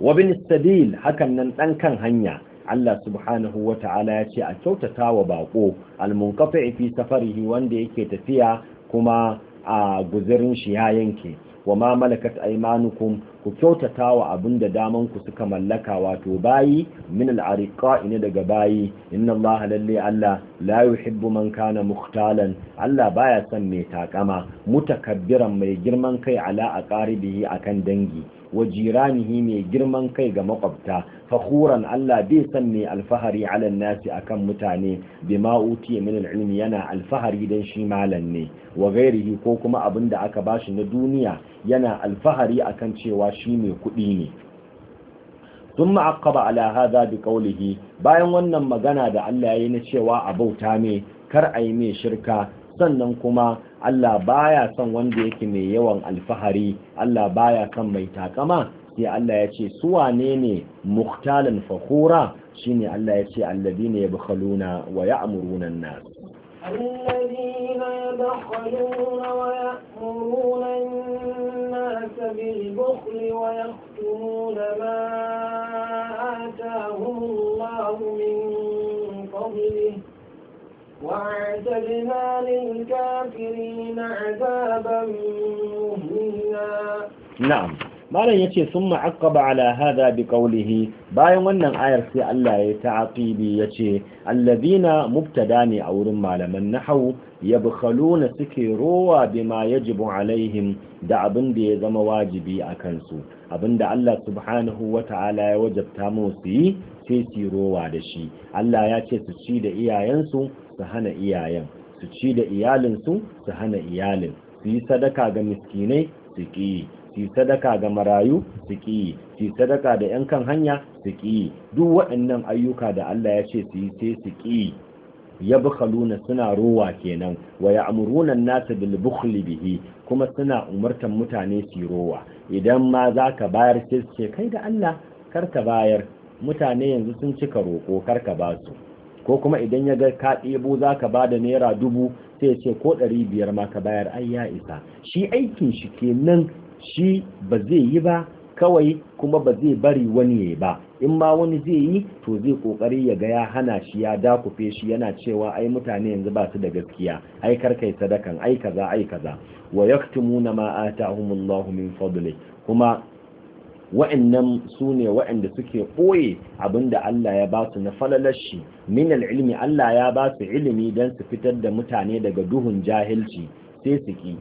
wa bin sabil hakan nan dan kan hanya Allah subhanahu wa ta'ala ya ce a kyautata wa bako almunqati fi safarihi wanda yake tafiya kuma a guzurin shi ya yanke wa ma malakat aymanukum ku kyautata wa abin da daman ku suka mallaka wato bayi min al'ariqa ina daga bayi inna Allah lalle Allah la yuhibbu man kana mukhtalan Allah baya son mai takama mutakabbiran mai girman kai ala aqaribihi akan dangi wa jiranihi mai girman kai ga makwabta fakhuran Allah bai san mai alfahari ala nasi akan mutane bima uti min ilmi yana alfahari dan shi malan ne wa gairihi ko kuma abinda aka bashi na duniya yana alfahari akan cewa shi mai kuɗi ne sun ma'akaba alaha hadha bi qawlihi bayan wannan magana da Allah yayi na cewa a bauta ne, kar a yi mai shirka sannan kuma Allah baya son wanda yake mai yawan alfahari Allah baya son mai takama sai Allah ya ce su wane ne muhtalan Shi shine Allah ya ce alladine yabkhaluna wa ya'muruna an-nas
alladine yabkhaluna wa ya'muruna الناس بالبخل ويختمون ما آتاهم الله من فضله وأعتدنا للكافرين عذابا مهينا
نعم malam yace sun aqaba ala hadha qawlihi bayan wannan ayar sai Allah ya ta'aqibi yace alladhina mubtada ne a wurin malaman nahwu yabkhaluna suke rowa bima yajibu alaihim da abin da ya zama wajibi a kansu abinda Allah subhanahu wa ta'ala ya wajabta su yi sai su rowa da shi Allah ya ce su ci da iyayensu su hana iyayen su ci da iyalinsu su hana iyalin su yi sadaka ga miskinai su ƙi su sadaka ga marayu su ki su sadaka da yan kan hanya su ki duk waɗannan ayyuka da Allah ya ce su yi sai su ki ya bukhaluna suna rowa kenan wa ya an-nasa bil bukhli bihi kuma suna umartan mutane su rowa idan ma za ka bayar sai ce kai da Allah kar ka bayar mutane yanzu sun cika roko kar ka ba su ko kuma idan ya ga ka ɗebo za ka ba da naira dubu sai ce ko ɗari biyar ma ka bayar ai ya isa shi aikin shi kenan shi ba zai yi ba kawai kuma ba zai bari wani ya yi ba in ma wani zai yi to zai kokari ya ga ya hana shi ya dakufe shi yana cewa ai mutane yanzu ba su da gaskiya ai karkai sadakan ai kaza ai kaza wa yaktumuna ma atahumullahu min fadli kuma wa'annan su ne wa'anda suke ɓoye abinda Allah ya ba su na falalar shi min ilmi Allah ya ba su ilimi don su fitar da mutane daga duhun jahilci sai su ki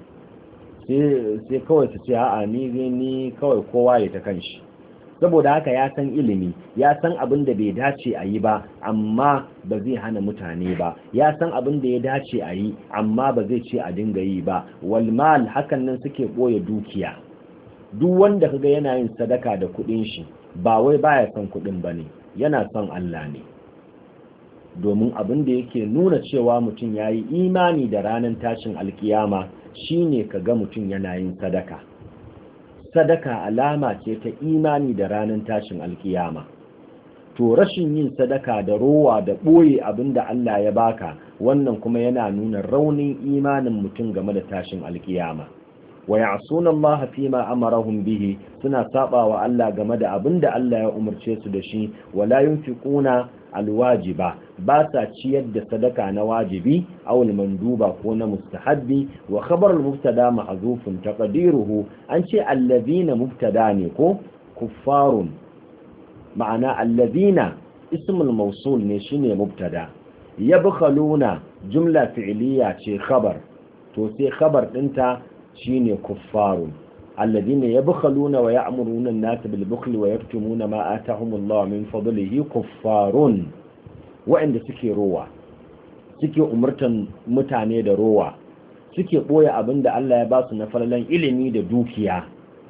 sai kawai su ce a'a ni ni kawai kowa ya ta kan shi. saboda haka ya san ilimi ya san abin da bai dace a yi ba amma ba zai hana mutane ba ya san abin da ya dace a yi amma ba zai ce a dinga yi ba walmal hakan nan suke ɓoye dukiya duk wanda kaga yana yin sadaka da kuɗin shi ba wai baya son kuɗin ba ne yana son Allah ne domin abin da yake nuna cewa mutum ya yi imani da ranar tashin alkiyama shi ne ka ga mutum yana yin sadaka sadaka alama ce ta imani da ranar tashin alkiyama to rashin yin sadaka da rowa da ɓoye abin da Allah ya baka wannan kuma yana nuna raunin imanin mutum game da tashin alkiyama wa ya'suna Allah fi ma bihi suna saba wa Allah game da abin da Allah ya umarce su da shi wa wala ƙuna? alwajiba ba sa ciyar da sadaka na wajibi aw manduba ko na mustahabbi wa khabar al-mubtada ma'zufun taqdiruhu an ce allazina mubtada ne ko kuffarun ma'ana allazina ismul mawsul ne shine mubtada yabkhaluna jumla fi'liya ce khabar to sai khabar dinta shine kuffarun alladina yabkhaluna wa ya'muruna an-nasa bil bukhli wa yaktumuna ma atahumullahu min fadlihi kuffarun wa'anda suke rowa suke umurtan mutane da rowa suke boye abinda Allah ya ba su na falalan ilimi da dukiya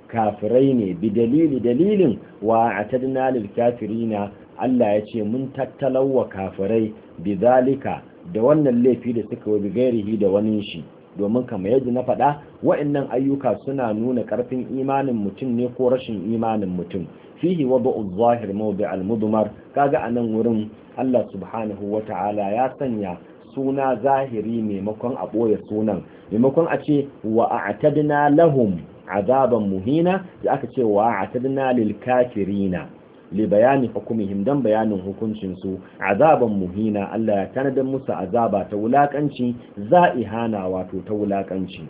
kafirai ne bi dalili dalilin wa atadna lil kafirina Allah ya ce mun tattalawa kafirai bi zalika da wannan laifi da suka wa bi gairihi da wani shi domin kamar yadda na faɗa wa'annan ayyuka suna nuna ƙarfin imanin mutum ne ko rashin imanin mutum fihi wa ba'u zahir mawdi al-mudmar kaga anan wurin Allah subhanahu wata'ala ya sanya suna zahiri maimakon a ɓoye sunan maimakon a ce wa a'tadna lahum azaban muhina da aka ce wa a'tadna lil kafirina li bayani hukumihim dan bayanin hukuncin su azaban muhina Allah ya tanadar musu azaba ta wulakanci ihana wato ta wulakanci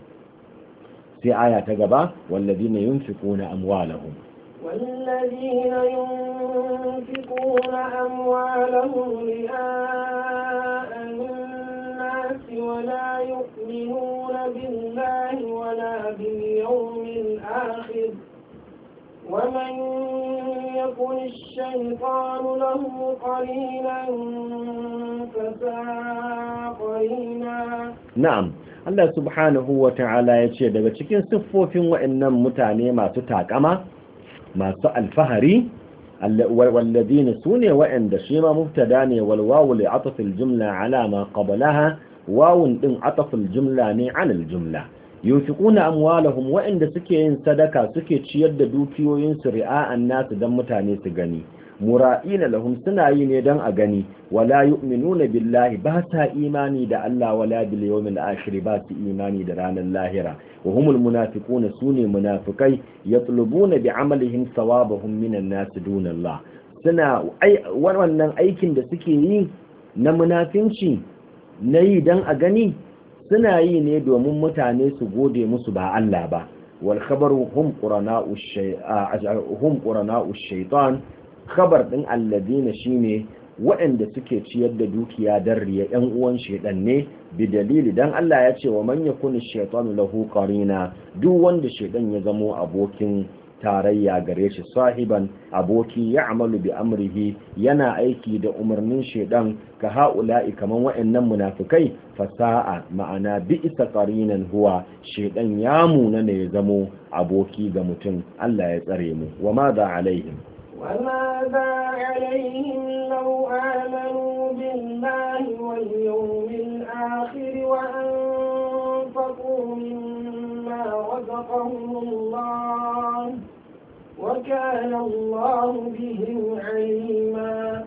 sai aya ta gaba wallazina yunfiquna yunfiku a
ينفقون أموالهم ولا يؤمنون بالله ولا باليوم الآخر ومن يكن الشيطان له قليلا فساء قليلا
نعم Allah subhanahu wa ta'ala ya ce daga cikin siffofin waɗannan mutane masu takama masu alfahari walladina su ne wa'anda shi ma muftada ne walwawu li atafil jumla ala ma qablaha wawun ɗin atafil jumla ne alal jumla yunfiquna amwalahum wa'inda suke yin sadaka suke ciyar da dukiyoyinsu ri'a'an nasu dan mutane su gani mura'ina lahum suna yi ne dan a gani wala yu'minuna billahi ba ta imani da Allah wala bil yawmil akhir ba su imani da ranar lahira wa humul munafiquna sune munafikai yatlubuna bi amalihim sawabahum minan nas duna Allah suna wannan aikin da suke yi na munafinci na yi dan a gani suna yi ne domin mutane su gode musu ba Allah ba wal khabaru hum Kabar hum ash shaytan khabar din alladina shine waɗanda suke ciyar da dukiya dan riya ɗan uwan shaiɗan ne bi dalili dan Allah ya ce wa man yakunu shaytanu lahu qarina duk wanda shaiɗan ya zamo abokin tarayya gare shi sahiban aboki ya amalu bi amrihi yana aiki da umarnin shaidan ka ha'ula'i kaman wa'annan munafikai fasa'a ma'ana bi isa karinan huwa shaidan ya muna ne ya zamo aboki ga mutum Allah ya tsare mu wa ma da alaihim
وماذا عليهم لو آمنوا بالله وكان الله بهم alima.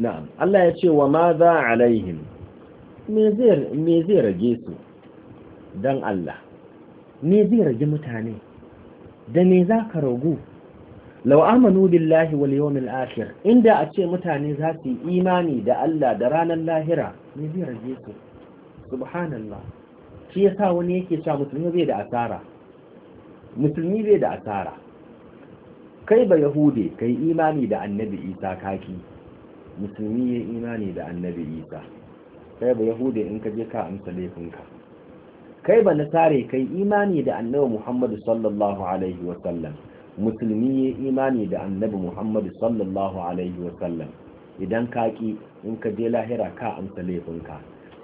na'am Allah ya ce wa ma za alaihim me zai rage su Dan Allah me zai rage mutane da me za ka ragu lau amanu billahi wal yawmil akhir inda a ce mutane za su yi imani da Allah da ranar lahira me zai rage su subhanallah shi yasa wani yake cewa musulmi zai da asara musulmi bai da asara kai ba yahude kai imani da annabi isa kaki musulmi ya imani da annabi isa kai ba yahude in ka je ka amsa laifinka kai ba nasare kai imani da annabi muhammadu sallallahu alaihi wasallam musulmi ya imani da annabi muhammadu sallallahu alaihi wasallam idan kaki in ka je lahira ka amsa laifinka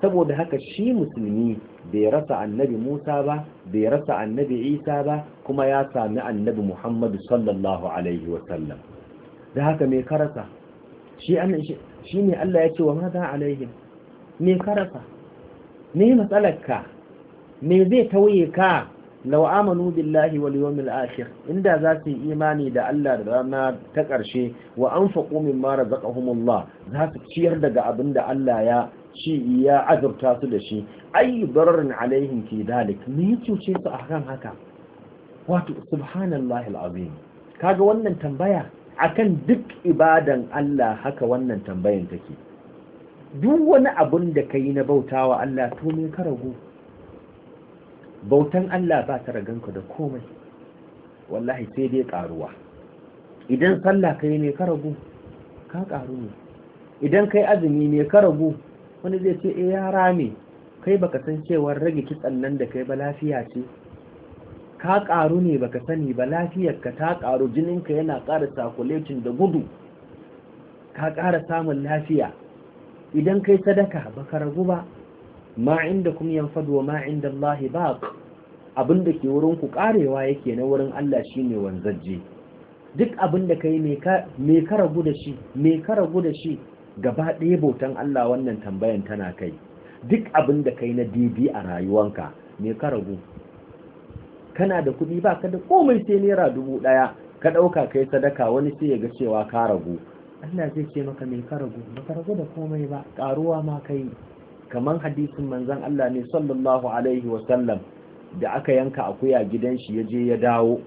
saboda haka shi musulmi bai rasa annabi Musa ba bai rasa annabi Isa ba kuma ya sami annabi Muhammadu sallallahu alaihi wa sallam. da haka mai karasa shi ne Allah ya ce wa maza alaihim mai karasa ne matsalarka me zai tauye ka law amanu billahi wal yawmil akhir inda za su yi imani da Allah da rana ta ƙarshe wa anfaqu mimma razaqahumullah za su ciyar daga abinda Allah ya shi ya azurta su da shi ayi bararin alaihin fi dalik me ya cuce su a kan haka wato subhanallahi alazim kaga wannan tambaya akan duk ibadan Allah haka wannan tambayan take duk wani abun da kai na bautawa Allah to ne ka rago bautan Allah ba ta ka da komai wallahi sai dai karuwa idan sallah kai ne ka rago ka karu ne idan kai azumi ne ka ragu wani zai ce eh, ya rame kai baka san cewar rage kitsan nan da kai ba lafiya ce ka karu ne baka sani ba lafiyar ka ta karu jininka yana kara circulating da gudu ka ƙara samun lafiya idan kai sadaka baka ragu ba ma inda kum yanfad wa ma inda Allah baq abin da ke wurin ku karewa yake na wurin Allah shine wanzajje duk abin da kai me ka me ka ragu da da shi gaba ɗaya bautan Allah wannan tambayan tana kai duk abin da kai na didi a rayuwanka me ka ragu kana da kuɗi ba ka da komai sai naira dubu ɗaya ka ɗauka kai sadaka wani sai ya ga cewa ka ragu Allah zai ce maka me ka ragu ba ka ragu da komai ba ƙaruwa ma kai Kaman hadisin manzon Allah ne sallallahu alaihi wa sallam da aka yanka akuya gidan shi ya je ya dawo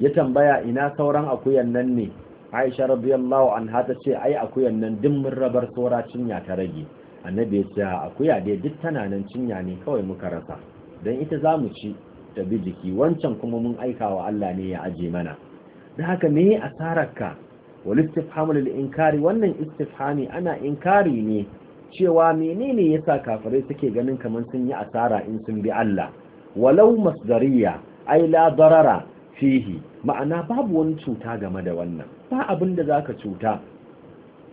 ya tambaya ina sauran akuyan nan ne aisha radiyallahu anha ta ce ai akuyan nan duk mun rabar saura cinya ta rage annabi ya ce akuya dai duk tana nan cinya ne kawai muka rasa dan ita za mu ci ta bi jiki wancan kuma mun aika wa Allah ne ya aje mana da haka me asararka wal istifhamu lil inkari wannan istifhami ana inkari ne cewa menene yasa kafirai suke ganin kamar sun yi asara in sun bi Allah walau masdariya ai la darara fihi ma'ana babu wani cuta game da wannan ba abin da zaka cuta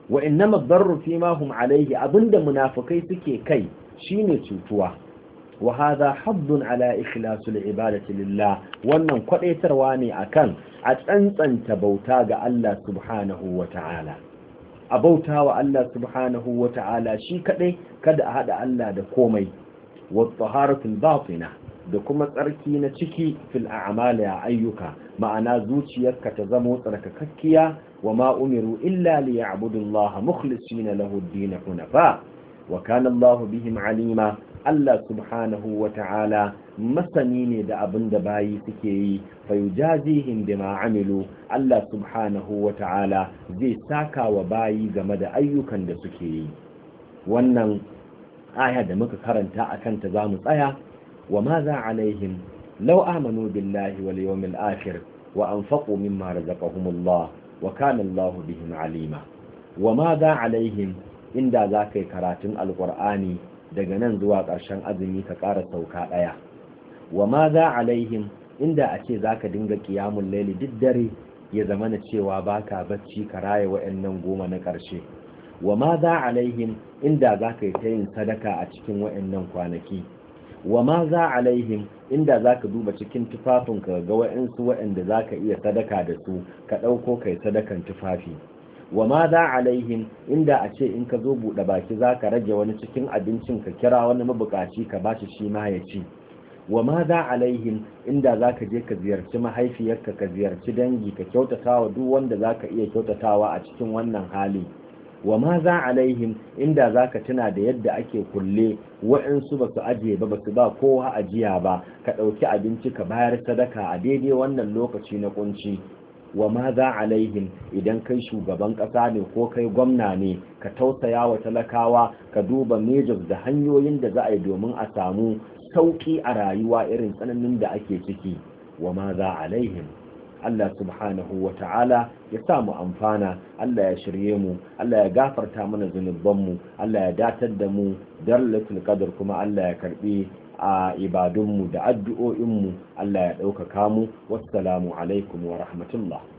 wa innama darru fi ma hum alayhi abinda munafikai suke kai shine cutuwa wa hadha haddun ala ikhlasul ibadati lillah wannan kwadaitarwa ne akan a tsantsanta bauta ga Allah subhanahu wata'ala a bauta wa Allah subhanahu wata'ala shi kadai kada a hada Allah da komai wa taharatul batina da kuma tsarki na ciki fil a'amali a ayyuka ma'ana zuciyarka ta zamo tsarkakakkiya wa ma umiru illa li ya'budu Allah mukhlisina lahu ad-din hunafa wa kana Allah bihim alima Allah subhanahu wa ta'ala masani ne da abin da bayi suke yi fayujazihim bima amilu Allah subhanahu wa ta'ala zai saka wa bayi game da ayyukan da suke yi wannan aya da muka karanta akan ta zamu tsaya wa ma za alaihim law amanu billahi wal yawmil akhir wa anfaqu mimma razaqahumullah wa kana Allah bihim alima wa ma za alaihim inda za yi karatun Alƙur'ani daga nan zuwa ƙarshen azumi ka ƙara sauka ɗaya wa ma za alaihim inda a ce za ka dinga ƙiyamun laili duk dare ya zama na cewa ba ka bacci ka raya wa'annan goma na ƙarshe wa ma za alaihim inda za ka yi ta yin sadaka a cikin wa'annan kwanaki wa ma za alaihim inda za ka duba cikin tufafinka ga wa'insu waɗanda za ka iya sadaka da su ka ɗauko kai sadakan tufafi wa ma za alaihim inda a ce in ka zo buɗe baki za ka rage wani cikin abincin ka kira wani mabuƙaci ka bashi shi ma ya ci wa ma za alaihim inda za ka je ka ziyarci mahaifiyarka ka ziyarci dangi ka kyautatawa duk wanda za ka iya kyautatawa a cikin wannan hali wa ma za alaihim inda za ka tuna da yadda ake kulle wa'insu ba su ajiye ba ba su ba kowa ajiya ba ka ɗauki abinci ka bayar sadaka a daidai wannan lokaci na kunci wa ma za alaihim idan kai shugaban ƙasa ne ko kai gwamna ne ka tausaya wa talakawa ka duba majors da hanyoyin da za a yi domin a samu sauƙi a rayuwa irin tsananin da ake ciki wa ma za alaihim Allah subhanahu wa ta'ala ya sa mu amfana Allah ya shirye mu Allah ya gafarta mana zunubanmu Allah ya datar da mu darlatul ƙadar, kuma Allah ya karbi a ibadunmu da addu'o'inmu Allah ya ɗaukaka mu wassalamu alaikum wa rahmatullah